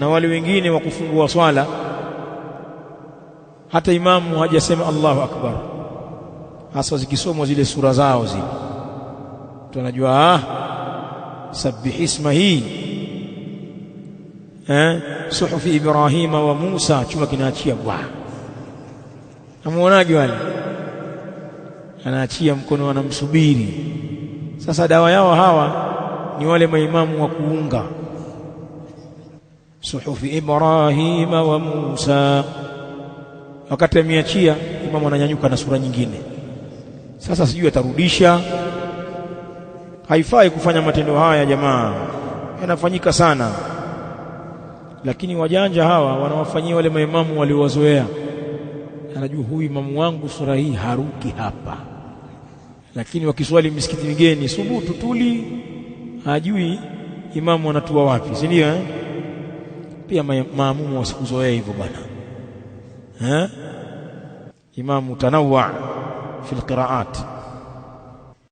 na wale wengine wa kufungua swala hata imamu hajasema Allahu akbar, hasa zikisomwa zile sura zao zile, tunajua ah, subbihisma hii eh, suhufi Ibrahima wa Musa, chuma kinaachia bwa, namuonaje wale, anaachia mkono, anamsubiri. Sasa dawa yao hawa ni wale maimamu wa kuunga suhufi Ibrahima wa Musa. Wakati ameachia imamu ananyanyuka na sura nyingine. Sasa sijui atarudisha. Haifai kufanya matendo haya jamaa, yanafanyika sana, lakini wajanja hawa wanawafanyia wale maimamu waliowazoea. Anajua huyu imamu wangu sura hii haruki hapa, lakini wakiswali misikiti migeni, subutu tuli, hajui imamu anatua wapi, si ndio eh? pia maamumu wasikuzoea hivyo bwana eh? Imamu Tanawwa fi lqiraat